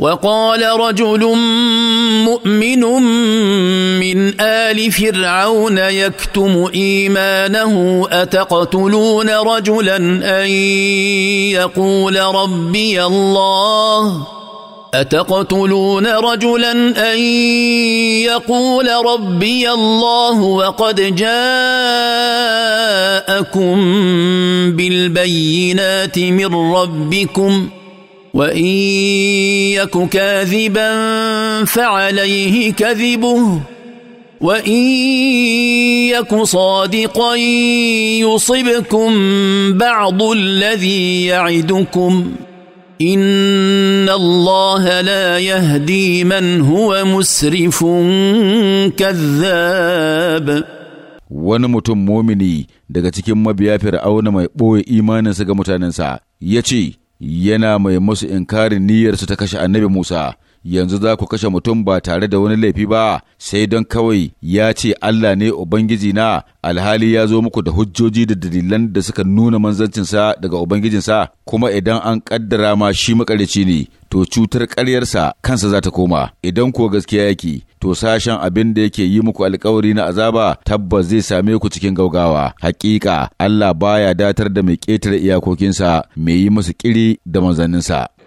وقال رجل مؤمن من ال فرعون يكتم ايمانه اتقتلون رجلا ان يقول ربي الله اتقتلون رجلا ان يقول ربي الله وقد جاءكم بالبينات من ربكم وان يك كاذبا فعليه كذبه وان يك صادقا يصبكم بعض الذي يعدكم ان الله لا يهدي من هو مسرف كذاب wani mutum momini daga cikin mabiya fir'auna mai ɓoye imaninsa ga mutanensa ya ce yana mai musu inkarin niyyarsu ta kashe annabi Musa, yanzu za ku kashe mutum ba tare da wani laifi ba, sai don kawai ya ce Allah ne Ubangiji na alhali ya zo muku da hujjoji da dalilan da suka nuna manzancinsa daga Ubangijinsa, kuma idan an ƙaddara ma shi makarici ne, to cutar ƙaryarsa kansa za ta koma idan ko gaskiya yake to sashen abin da yake yi muku alkawari na azaba tabbas zai same ku cikin gaugawa hakika Allah baya datar da mai ƙetare iyakokinsa mai yi musu ƙiri da manzanninsa